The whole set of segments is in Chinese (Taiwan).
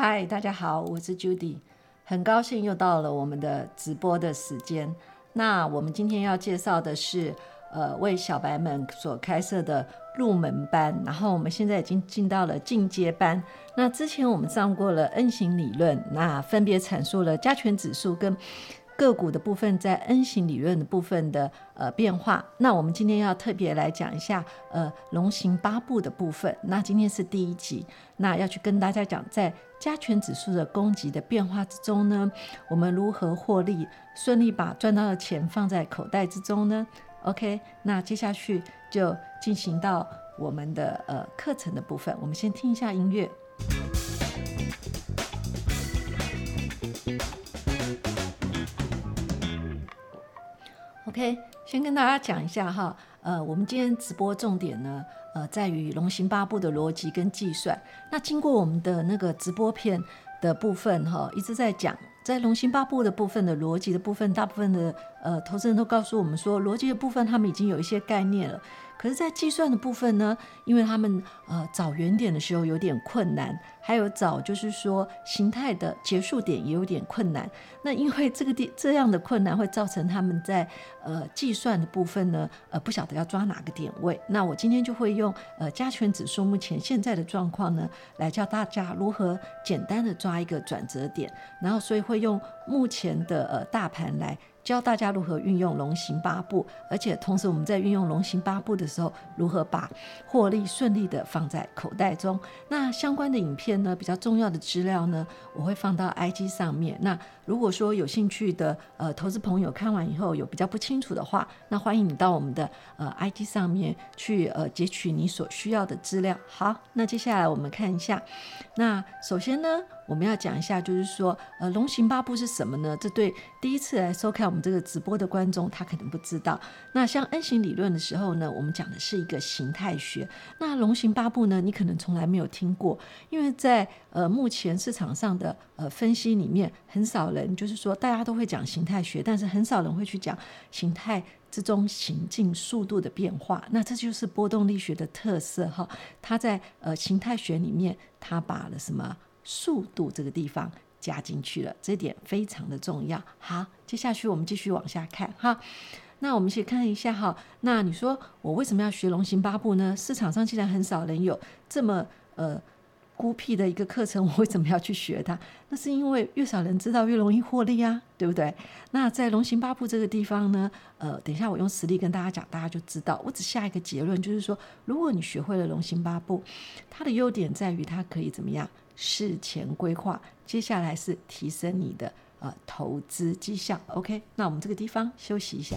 嗨，大家好，我是 Judy，很高興又到了我們的直播的時間。那我們今天要介紹的是，呃，為小白們所開設的入門班，然後我們現在已經進到了進階班。那之前我們上過了 N 型理論，那分別闡述了加權指數跟個股的部分在 N 型理論的部分的，呃，變化，那我們今天要特別來講一下呃，龍行八步的部分。那今天是第一集，那要去跟大家講在加權指數的攻擊的變化之中呢，我們如何獲利，順利把賺到的錢放在口袋之中呢？OK，那接下去就進行到我們的呃課程的部分，我們先聽一下音樂。OK，先跟大家講一下哈，呃，我們今天直播重點呢，呃，在於龍行八步的邏輯跟計算。那經過我們的那個直播片的部分哈、哦，一直在講在龍行八步的部分的邏輯的部分，大部分的呃，投資人都告訴我們說，邏輯的部分他們已經有一些概念了。可是，在計算的部分呢，因為他們呃找原點的時候有點困難，還有找就是說形態的結束點也有點困難。那因為這個地這樣的困難會造成他們在呃計算的部分呢，呃不曉得要抓哪個點位。那我今天就會用呃加權指數目前現在的狀況呢，來教大家如何簡單的抓一個轉折點。然後所以會用目前的呃大盤來，教大家如何運用龍行八步，而且同時我們在運用龍行八步的時候，如何把獲利順利的放在口袋中。那相關的影片呢，比較重要的資料呢，我會放到 IG 上面。那如果說有興趣的呃投資朋友看完以後有比較不清楚的話，那歡迎你到我們的呃 IG 上面去呃截取你所需要的資料。好，那接下來我們看一下，那首先呢。我們要講一下，就是說，呃，龍行八步是什麼呢？這對第一次來收看我們這個直播的觀眾，他可能不知道。那像 N 型理論的時候呢，我們講的是一個形態學。那龍行八步呢，你可能從來沒有聽過，因為在呃目前市場上的呃分析裡面，很少人就是說大家都會講形態學，但是很少人會去講形態之中行進速度的變化。那這就是波動力學的特色哈，它在呃形態學裡面，它把了什麼？速度這個地方加進去了，這點非常的重要。好，接下去我們繼續往下看哈。那我們一起看一下哈，那你說我為什麼要學龍行八步呢？市場上竟然很少人有這麼呃。孤僻的一個課程，我為什麼要去學它？那是因為越少人知道，越容易獲利啊，對不對？那在龍行八步這個地方呢，呃，等一下我用實例跟大家講，大家就知道。我只下一個結論，就是說，如果你學會了龍行八步，它的優點在於它可以怎麼樣？事前規劃，接下來是提升你的呃投資績效。OK，那我們這個地方休息一下。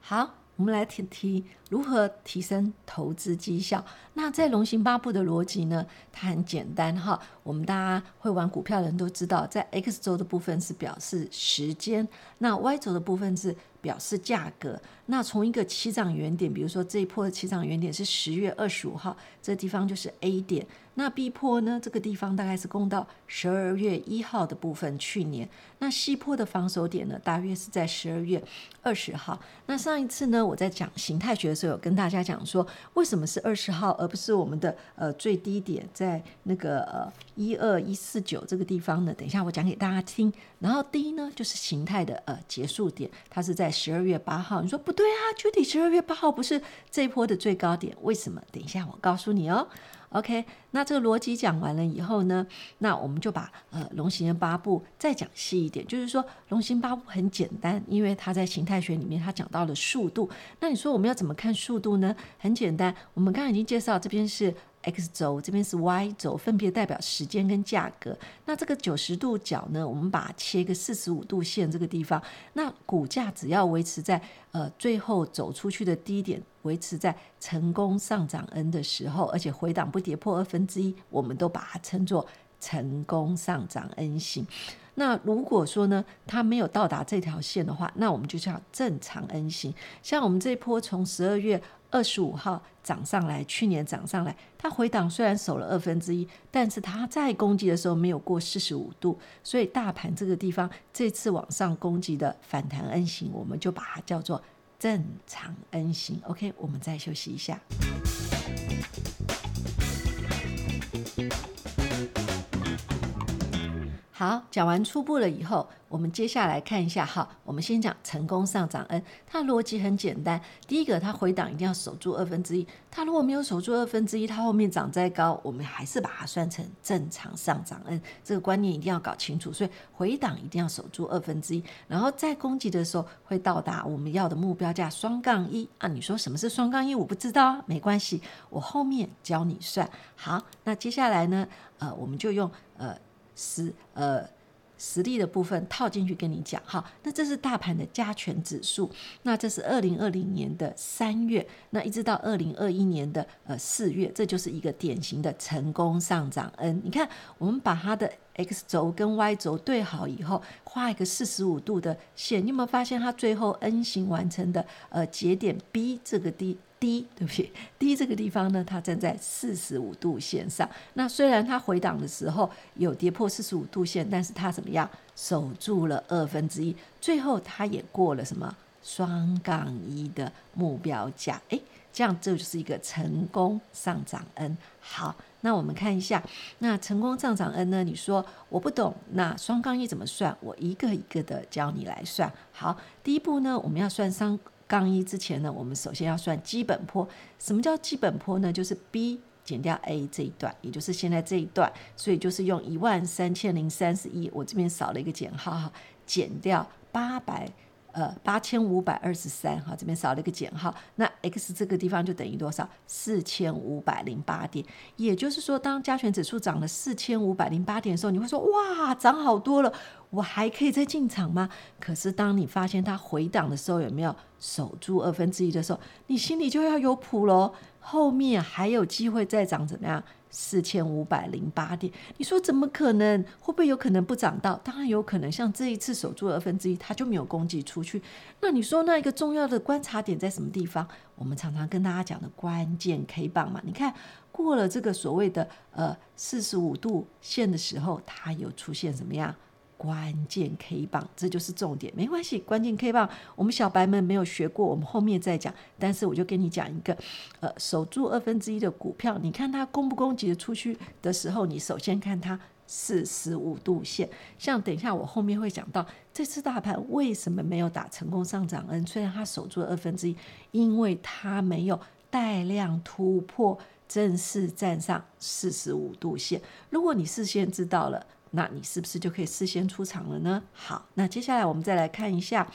好。我們來提提如何提升投資績效。那在龍行八步的邏輯呢，它很簡單哈，我們大家會玩股票的人都知道，在 X 軸的部分是表示時間，那 Y 軸的部分是表示價格。那從一個起漲原點，比如說這一波的起漲原點是十月二十五號，這地方就是 A 點。那 B 波呢，這個地方大概是攻到十二月一號的部分，去年。那 C 波的防守點呢，大約是在十二月二十號。那上一次呢，我在講形態學的時候，有跟大家講說，為什麼是二十號而不是我們的呃最低點在那個呃一二一四九這個地方呢？等一下我講給大家聽。然後 D 呢，就是形態的呃結束點，它是在十二月八號。你說不對。對啊，具體十二月八號不是這一波的最高點？為什麼？等一下我告訴你哦。OK，那這個邏輯講完了以後呢，那我們就把呃龍行的八步再講細一點。就是說龍行八步很簡單，因為它在形態學裡面它講到了速度。那你說我們要怎麼看速度呢？很簡單，我們剛剛已經介紹，這邊是。x 軸這邊是 y 軸，分別代表時間跟價格。那這個九十度角呢，我們把它切一個四十五度線這個地方。那股價只要維持在呃最後走出去的低點，維持在成功上漲 N 的時候，而且回檔不跌破二分之一，我們都把它稱作成功上漲 N 型。那如果說呢，它沒有到達這條線的話，那我們就叫正常 N 型。像我們這一波從十二月。二十五號漲上來，去年漲上來，它回檔雖然守了二分之一，但是它在攻擊的時候沒有過四十五度，所以大盤這個地方這次往上攻擊的反彈 N 型，我們就把它叫做正常 N 型。OK，我們再休息一下。好，講完初步了以後，我們接下來看一下哈。我們先講成功上漲 N，它的邏輯很簡單。第一個，它回檔一定要守住二分之一。它如果沒有守住二分之一，它後面漲再高，我們還是把它算成正常上漲 N。這個觀念一定要搞清楚。所以回檔一定要守住二分之一，然後在攻擊的時候會到達我們要的目標價雙槓一啊。你說什麼是雙槓一？我不知道啊，沒關係，我後面教你算。好，那接下來呢？呃，我們就用呃。實呃實力的部分套進去跟你講。好，那這是大盤的加權指數，那這是二零二零年的三月，那一直到二零二一年的呃四月，這就是一個典型的成功上漲 N。你看，我們把它的 X 軸跟 Y 軸對好以後，畫一個四十五度的線，你有沒有發現它最後 N 型完成的呃節點 B 這個 D，低，對不起，低這個地方呢，它站在四十五度線上。那雖然它回檔的時候有跌破四十五度線，但是它怎麼樣守住了二分之一，最後它也過了什麼雙槓一的目標價？誒，這樣這就是一個成功上漲 N。好，那我們看一下，那成功上漲 N 呢？你說我不懂，那雙槓一怎麼算？我一個一個的教你來算。好，第一步呢，我們要算商。槓一之前呢，我們首先要算基本波。什麼叫基本波呢？就是 B 減掉 A 這一段，也就是現在這一段，所以就是用一萬三千零三十一，我這邊少了一個減號，哈，減掉八百。呃，八千五百二十三，哈，這邊少了一個減號，那 x 這個地方就等於多少？四千五百零八點。也就是說，當加權指數漲了四千五百零八點的時候，你會說，哇，漲好多了，我還可以再進場嗎？可是，當你發現它回檔的時候，有沒有守住二分之一的時候，你心裡就要有譜嘍。後面還有機會再漲，怎麼樣？四千五百零八點，你說怎麼可能？會不會有可能不漲到？當然有可能，像這一次守住二分之一，它就沒有攻擊出去。那你說那一個重要的觀察點在什麼地方？我們常常跟大家講的關鍵 K 棒嘛。你看，過了這個所謂的呃四十五度線的時候，它有出現什麼樣？關鍵 K 棒，這就是重點。沒關係，關鍵 K 棒。我們小白們沒有學過，我們後面再講。但是我就跟你講一個，呃，守住二分之一的股票，你看它攻不攻擊的出去的時候，你首先看它四十五度線。像等一下我後面會講到，這次大盤為什麼沒有打成功上漲？嗯，雖然它守住了二分之一，因為它沒有帶量突破，正式站上四十五度線。如果你事先知道了。那你是不是就可以事先出場了呢？好，那接下來我們再來看一下，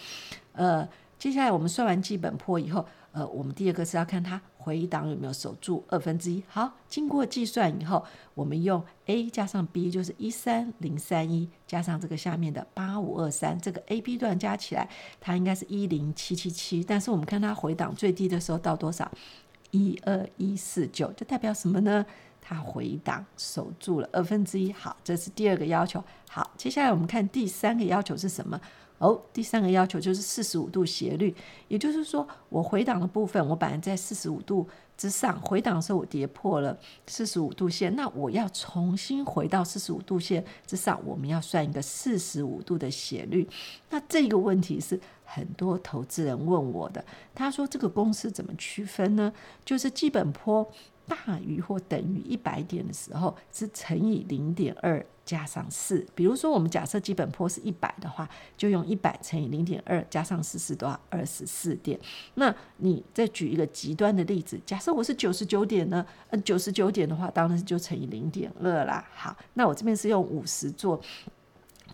呃，接下來我們算完基本波以後，呃，我們第二個是要看它回檔有沒有守住二分之一。好，經過計算以後，我們用 A 加上 B 就是一三零三一加上這個下面的八五二三，這個 AB 段加起來，它應該是一零七七七。但是我們看它回檔最低的時候到多少？一二一四九，這代表什麼呢？它回檔守住了二分之一，好，這是第二個要求。好，接下來我們看第三個要求是什麼？哦，第三個要求就是四十五度斜率，也就是說，我回檔的部分，我本來在四十五度之上，回檔的時候我跌破了四十五度線，那我要重新回到四十五度線之上，我們要算一個四十五度的斜率。那這個問題是很多投資人問我的，他說這個公司怎麼區分呢？就是基本坡，大於或等於一百點的時候，是乘以零點二加上四。比如說，我們假設基本波是一百的話，就用一百乘以零點二加上四，是多少？二十四點。那你再舉一個極端的例子，假設我是九十九點呢？呃，九十九點的話，當然是就乘以零點二啦。好，那我這邊是用五十做。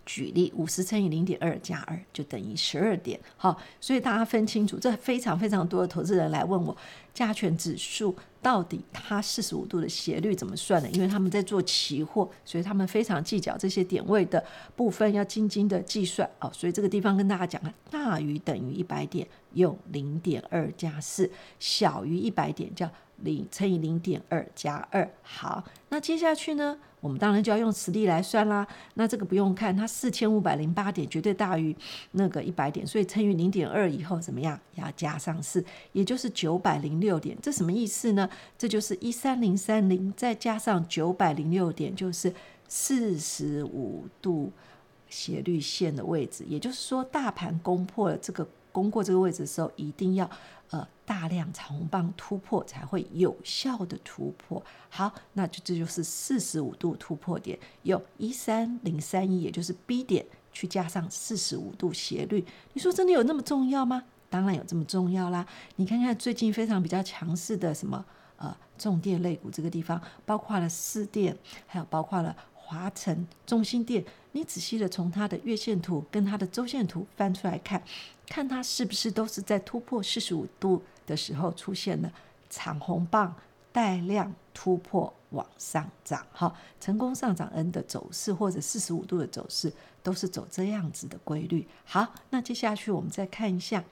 舉例，五十乘以零點二加二就等於十二點。好，所以大家分清楚，這非常非常多的投資人來問我，加權指數到底它四十五度的斜率怎麼算呢？因為他們在做期貨，所以他們非常計較這些點位的部分要精精的計算。哦，所以這個地方跟大家講了，大於等於一百點用零點二加四，小於一百點叫零乘以零點二加二。好，那接下去呢？我們當然就要用磁力來算啦。那這個不用看，它四千五百零八點絕對大於那個一百點，所以乘以零點二以後怎麼樣？也要加上四，也就是九百零六點。這什麼意思呢？這就是一三零三零再加上九百零六點，就是四十五度斜率線的位置。也就是說，大盤攻破了這個攻過這個位置的時候，一定要。呃，大量長紅棒突破才會有效的突破。好，那這這就是四十五度突破點，由一三零三一，也就是 B 點去加上四十五度斜率。你說真的有那麼重要嗎？當然有這麼重要啦。你看看最近非常比較強勢的什麼呃重電類股這個地方，包括了士電，還有包括了華城、中興電。你仔細的從它的月線圖跟它的周線圖翻出來看。看它是不是都是在突破四十五度的時候出現了長紅棒。帶量突破往上漲，哈，成功上漲 N 的走勢或者四十五度的走勢都是走這樣子的規律。好，那接下去我們再看一下，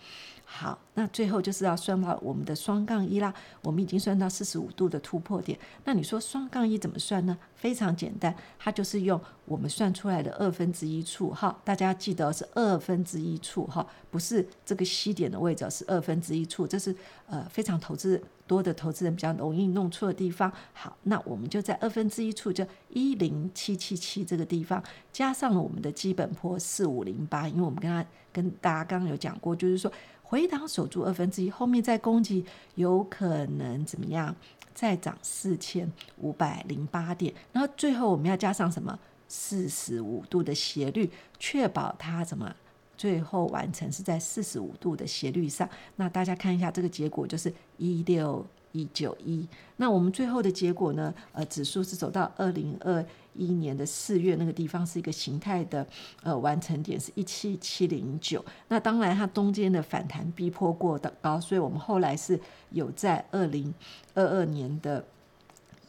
好，那最後就是要算到我們的雙槓一啦。我們已經算到四十五度的突破點，那你說雙槓一怎麼算呢？非常簡單，它就是用我們算出來的二分之一處，哈，大家記得是二分之一處，哈，不是這個西點的位置，是二分之一處，這是呃非常投資。多的投資人比較容易弄錯的地方，好，那我們就在二分之一處，就一零七七七這個地方，加上了我們的基本波四五零八，因為我們跟他跟大家剛剛有講過，就是說回檔守住二分之一，後面再攻擊有可能怎麼樣，再漲四千五百零八點，然後最後我們要加上什麼？四十五度的斜率，確保它怎麼。最後完成是在四十五度的斜率上，那大家看一下這個結果就是一六一九一。那我們最後的結果呢？呃，指數是走到二零二一年的四月那個地方，是一個形態的呃完成點是一七七零九。那當然它中間的反彈逼迫過的高，所以我們後來是有在二零二二年的。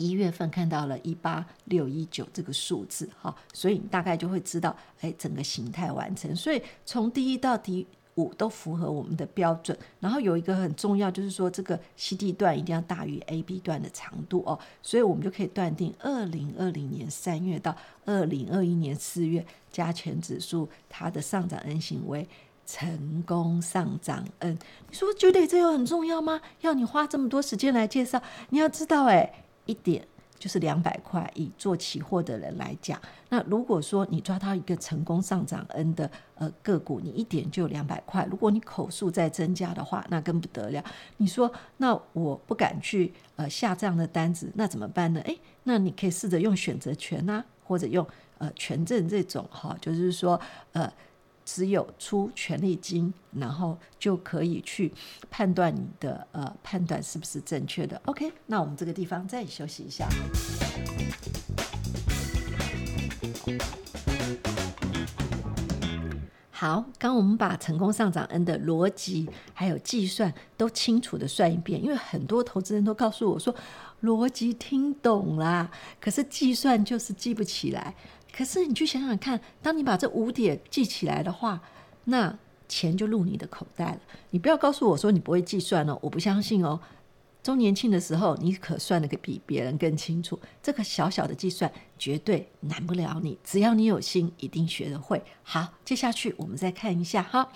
一月份看到了一八六一九這個數字哈，所以你大概就會知道，哎，整個形態完成。所以從第一到第五都符合我們的標準。然後有一個很重要，就是說這個 CD 段一定要大於 AB 段的長度哦。所以我們就可以斷定，二零二零年三月到二零二一年四月加權指數它的上漲 N 型為成功上漲 N。你說覺得這有很重要嗎？要你花這麼多時間來介紹？你要知道誒，哎。一點就是兩百塊，以做期貨的人來講，那如果說你抓到一個成功上漲 N 的呃個股，你一點就兩百塊，如果你口數再增加的話，那更不得了。你說那我不敢去呃下這樣的單子，那怎麼辦呢？欸，那你可以試着用選擇權啊，或者用呃權證這種哈，就是說呃。只有出權利金，然後就可以去判斷你的呃判斷是不是正確的。OK，那我們這個地方再休息一下。好，剛我們把成功上漲 N 的邏輯還有計算都清楚的算一遍，因為很多投資人都告訴我說，邏輯聽懂了，可是計算就是記不起來。可是你去想想看，當你把這五點記起來的話，那錢就入你的口袋了。你不要告訴我說你不會計算哦，我不相信哦。周年慶的時候，你可算得比別人更清楚。這個小小的計算絕對難不了你，只要你有心，一定學得會。好，接下去我們再看一下哈。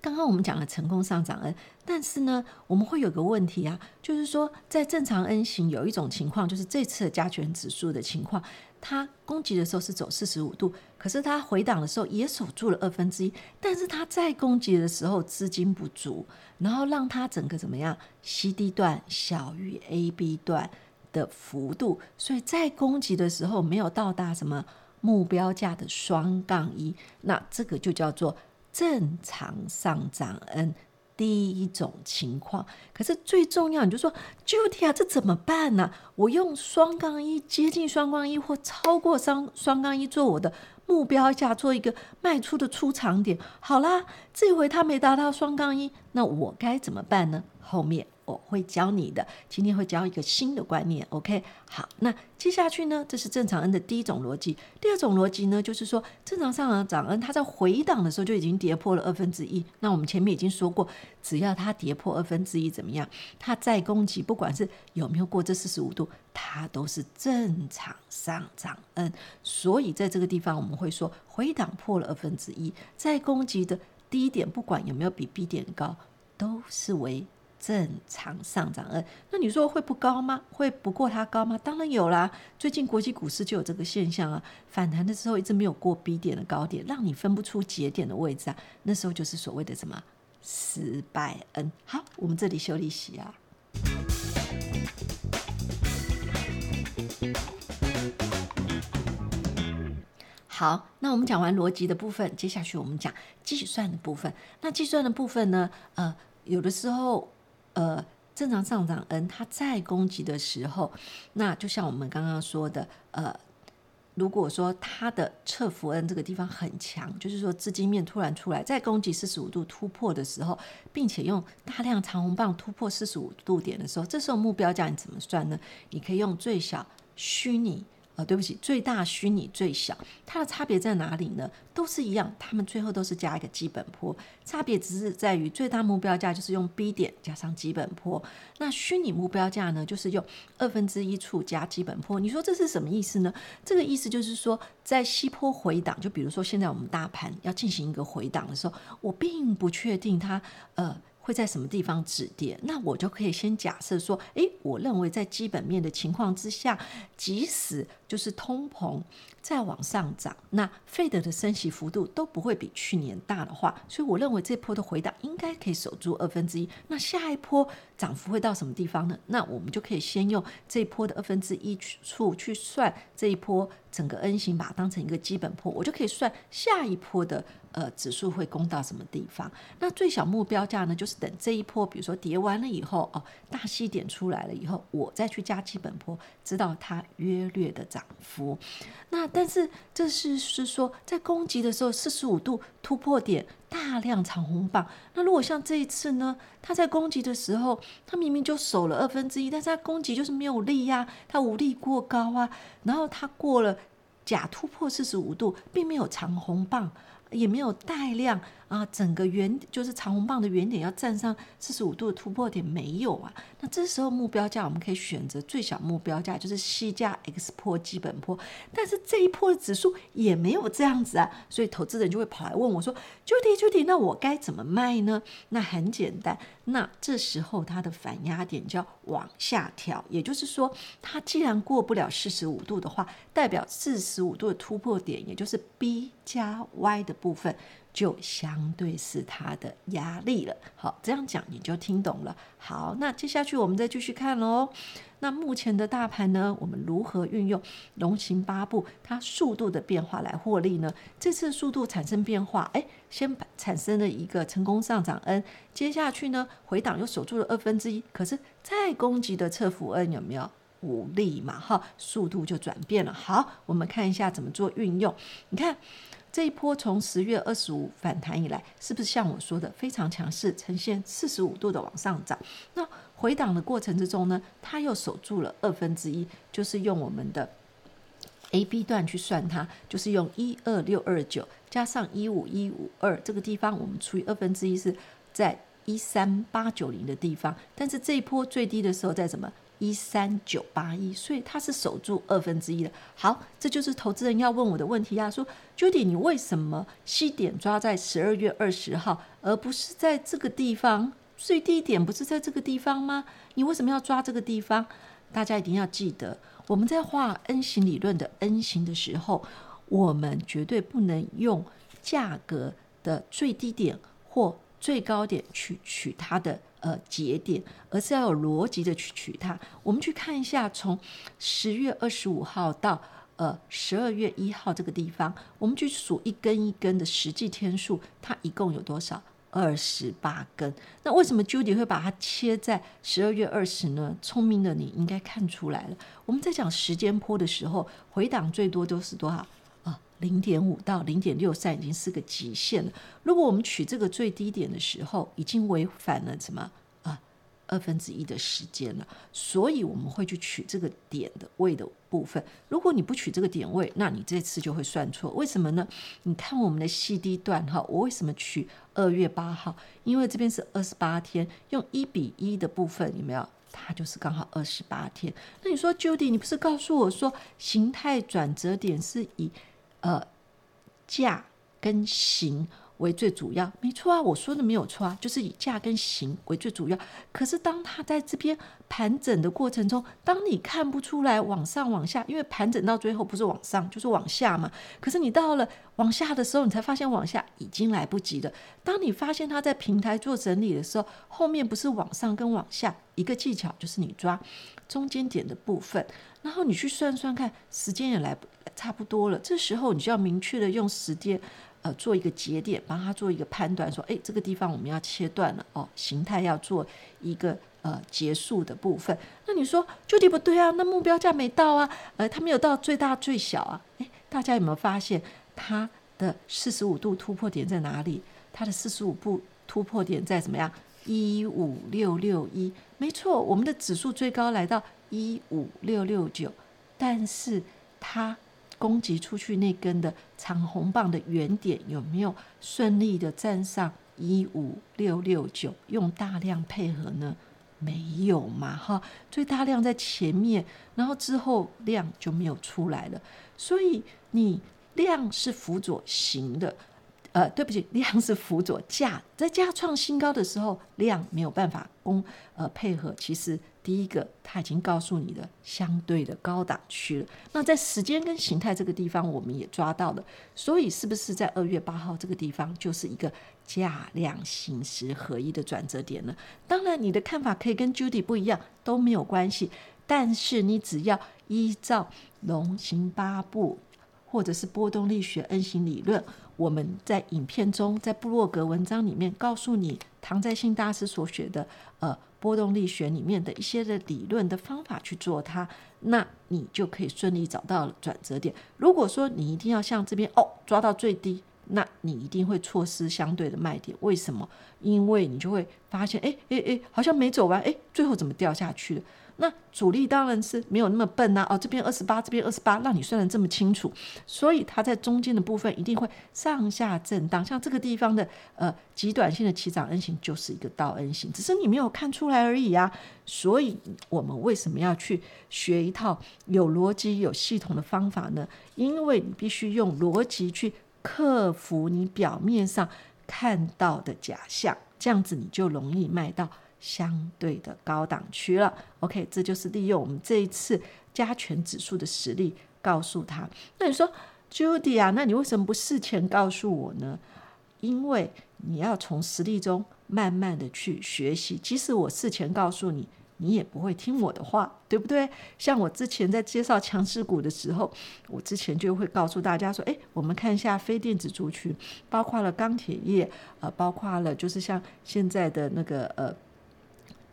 剛剛我們講了成功上漲 N，但是呢，我們會有個問題啊，就是說在正常 N 型有一種情況，就是這次的加權指數的情況。它攻擊的時候是走四十五度，可是它回檔的時候也守住了二分之一，但是它在攻擊的時候資金不足，然後讓它整個怎麼樣？CD 段小於 AB 段的幅度，所以在攻擊的時候沒有到達什麼目標價的雙槓一，那這個就叫做正常上漲 N。第一種情況，可是最重要是，你就說 Judy 啊，這怎麼辦呢，啊？我用雙槓一接近雙槓一或超過雙雙槓一做我的目標價，做一個賣出的出場點。好啦，這回他沒達到雙槓一，那我該怎麼辦呢？後面。我會教你的，今天會教一個新的觀念。OK，好，那接下去呢？這是正常 N 的第一種邏輯，第二種邏輯呢，就是說正常上漲 N，它在回檔的時候就已經跌破了二分之一。那我們前面已經說過，只要它跌破二分之一，怎麼樣？它再攻擊，不管是有沒有過這四十五度，它都是正常上漲 N。所以在這個地方，我們會說回檔破了二分之一，再攻擊的低點，不管有沒有比 B 點高，都是為。正常上漲 N，那你說會不高嗎？會不過它高嗎？當然有啦。最近國際股市就有這個現象啊，反彈的時候一直沒有過 B 點的高點，讓你分不出節點的位置啊。那時候就是所謂的什麼失敗 N。400N. 好，我們這裡修利息啊。好，那我們講完邏輯的部分，接下去我們講計算的部分。那計算的部分呢？呃，有的時候。呃，正常上漲 N，它在攻擊的時候，那就像我們剛剛說的，呃，如果說它的側浮 N 這個地方很強，就是說資金面突然出來在攻擊四十五度突破的時候，並且用大量長紅棒突破四十五度點的時候，這時候目標價你怎麼算呢？你可以用最小虛擬。呃，對不起，最大虛擬最小，它的差別在哪裡呢？都是一樣，它們最後都是加一個基本波，差別只是在於最大目標價就是用 B 點加上基本波，那虛擬目標價呢，就是用二分之一處加基本波。你說這是什麼意思呢？這個意思就是說，在西波回檔，就比如說現在我們大盤要進行一個回檔的時候，我並不確定它呃會在什麼地方止跌，那我就可以先假設說，誒、欸，我認為在基本面的情況之下，即使就是通膨再往上漲，那費德的升息幅度都不會比去年大的話，所以我認為這波的回檔應該可以守住二分之一。那下一波漲幅會到什麼地方呢？那我們就可以先用這一波的二分之一處去算這一波整個 N 型，把它當成一個基本波，我就可以算下一波的呃指數會攻到什麼地方。那最小目標價呢，就是等這一波比如說跌完了以後，哦大西點出來了以後，我再去加基本波，知道它約略的漲幅，那但是這是是說在攻擊的時候，四十五度突破點大量長紅棒。那如果像這一次呢，他在攻擊的時候，他明明就守了二分之一，但是他攻擊就是沒有力呀、啊，他無力過高啊，然後他過了假突破四十五度，並沒有長紅棒。也沒有帶量啊，整個原就是長紅棒的原點要站上四十五度的突破點沒有啊？那這時候目標價我們可以選擇最小目標價，就是 C 加 X 破基本波。但是這一波的指數也沒有這樣子啊，所以投資人就會跑來問我說：“Judy Judy，那我該怎麼賣呢？”那很簡單，那這時候它的反壓點就要往下調，也就是說，它既然過不了四十五度的話，代表四十五度的突破點，也就是 B 加 Y 的。部分就相對是它的壓力了。好，這樣講你就聽懂了。好，那接下去我們再繼續看嘍。那目前的大盤呢，我們如何運用龍行八步它速度的變化來獲利呢？這次速度產生變化，誒，先把產生了一個成功上漲 N，接下去呢回檔又守住了二分之一，可是再攻擊的側幅 N 有沒有無力嘛？哈、哦，速度就轉變了。好，我們看一下怎麼做運用。你看。這一波從十月二十五反彈以來，是不是像我說的非常強勢，呈現四十五度的往上漲？那回檔的過程之中呢，它又守住了二分之一，就是用我們的 A B 段去算它，就是用一二六二九加上一五一五二這個地方，我們除以二分之一是在一三八九零的地方，但是這一波最低的時候在什麼？一三九八一，所以它是守住二分之一的。好，這就是投資人要問我的問題啊。說，Judy，你為什麼低點抓在十二月二十號，而不是在這個地方？最低點不是在這個地方嗎？你為什麼要抓這個地方？大家一定要記得，我們在畫 N 型理論的 N 型的時候，我們絕對不能用價格的最低點或最高點去取它的。呃，節點，而是要有邏輯的去取，取它。我們去看一下，從十月二十五號到呃十二月一號這個地方，我們去數一根一根的實際天數，它一共有多少？二十八根。那為什麼 Judy 會把它切在十二月二十呢？聰明的你應該看出來了。我們在講時間波的時候，回檔最多都是多少？零點五到零點六三已經是個極限了。如果我們取這個最低點的時候，已經違反了什麼啊？二分之一的時間了。所以我們會去取這個點的位的部分。如果你不取這個點位，那你這次就會算錯。為什麼呢？你看我們的 CD 段哈，我為什麼取二月八號？因為這邊是二十八天，用一比一的部分有沒有？它就是剛好二十八天。那你說 Judy，你不是告訴我說形態轉折點是以？呃，價跟行為最主要，沒錯啊，我說的沒有錯啊，就是以價跟行為最主要。可是當他在這邊。盤整的過程中，當你看不出來往上往下，因為盤整到最後不是往上就是往下嘛。可是你到了往下的時候，你才發現往下已經來不及了。當你發現它在平台做整理的時候，後面不是往上跟往下，一個技巧就是你抓中間點的部分，然後你去算算看時間也來不差不多了。這時候你就要明確的用時間呃做一個節點，幫它做一個判斷，說欸，這個地方我們要切斷了哦，形態要做一個。呃，結束的部分，那你說究竟不對啊？那目標價沒到啊？呃，他沒有到最大最小啊？誒，大家有沒有發現它的四十五度突破點在哪裡？它的四十五度突破點在怎麼樣？一五六六一，沒錯，我們的指數最高來到一五六六九，但是它攻擊出去那根的長紅棒的原點有沒有順利的站上一五六六九？用大量配合呢？沒有嘛，哈，最大量在前面，然後之後量就沒有出來了，所以你量是輔佐型的，呃，對不起，量是輔佐價，在價創新高的時候，量沒有辦法供、嗯、呃配合，其實第一個它已經告訴你的相對的高檔區了。那在時間跟形態這個地方，我們也抓到了，所以是不是在二月八號這個地方就是一個？價量行時合一的轉折點呢？當然，你的看法可以跟 Judy 不一樣，都沒有關係。但是你只要依照龍行八步，或者是波動力學 N 型理論，我們在影片中，在部落格文章裡面告訴你，唐在信大師所學的呃波動力學裡面的一些的理論的方法去做它，那你就可以順利找到轉折點。如果說你一定要像這邊哦，抓到最低。那你一定會錯失相對的賣點，為什麼？因為你就會發現，哎哎哎，好像沒走完，哎、欸，最後怎麼掉下去了？那主力當然是沒有那麼笨吶、啊，哦，這邊二十八，這邊二十八，讓你算得這麼清楚，所以它在中間的部分一定會上下震盪，像這個地方的呃極短線的起漲 N 型就是一個倒 N 型，只是你沒有看出來而已啊。所以我們為什麼要去學一套有邏輯、有系統的方法呢？因為你必須用邏輯去。克服你表面上看到的假象，這樣子你就容易賣到相對的高檔區了。OK，這就是利用我們這一次加權指數的實例告訴他。那你說，Judy 啊，那你為什麼不事前告訴我呢？因為你要從實例中慢慢的去學習，即使我事前告訴你。你也不會聽我的話，對不對？像我之前在介紹強勢股的時候，我之前就會告訴大家說，哎，我們看一下非電子族群，包括了鋼鐵業，呃，包括了就是像現在的那個呃，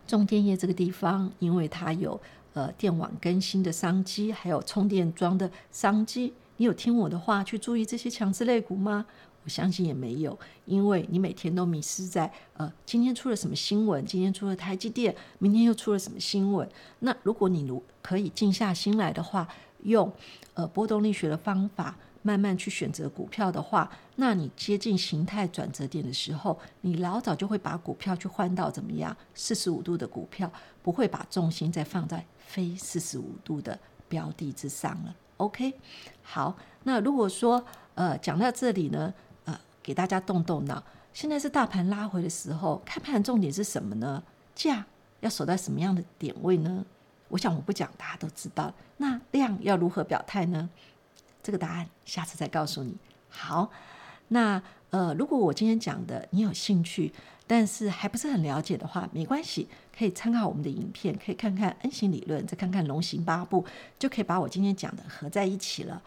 重電業這個地方，因為它有呃電網更新的商機，還有充電樁的商機。你有聽我的話去注意這些強勢類股嗎？我相信也沒有，因為你每天都迷失在呃，今天出了什麼新聞？今天出了台積電，明天又出了什麼新聞？那如果你如可以靜下心來的話，用呃波動力學的方法慢慢去選擇股票的話，那你接近形態轉折點的時候，你老早就會把股票去換到怎麼樣？四十五度的股票，不會把重心再放在非四十五度的標的之上了。OK，好，那如果說呃講到這裡呢？給大家動動腦，現在是大盤拉回的時候，看盤的重點是什麼呢？價要守在什麼樣的點位呢？我想我不講，大家都知道。那量要如何表態呢？這個答案下次再告訴你。好，那呃，如果我今天講的你有興趣，但是還不是很了解的話，沒關係，可以參考我們的影片，可以看看 N 型理論，再看看龍行八步，就可以把我今天講的合在一起了。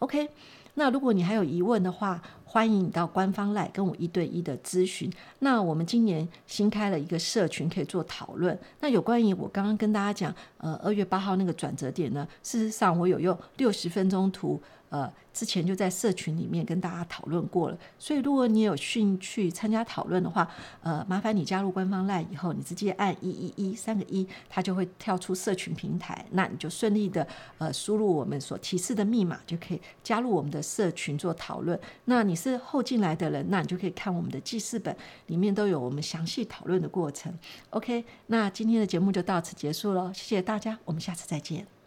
OK。那如果你還有疑問的話，歡迎你到官方來跟我一對一的諮詢。那我們今年新開了一個社群，可以做討論。那有關於我剛剛跟大家講，呃，二月八號那個轉折點呢，事實上我有用六十分鐘圖。呃，之前就在社群裡面跟大家討論過了，所以如果你有興趣參加討論的話，呃，麻煩你加入官方 LINE 以後，你直接按一一一三個一，它就會跳出社群平台，那你就順利的呃輸入我們所提示的密碼，就可以加入我們的社群做討論。那你是後進來的人，那你就可以看我們的記事本，裡面都有我們詳細討論的過程。OK，那今天的節目就到此結束了，謝謝大家，我們下次再見。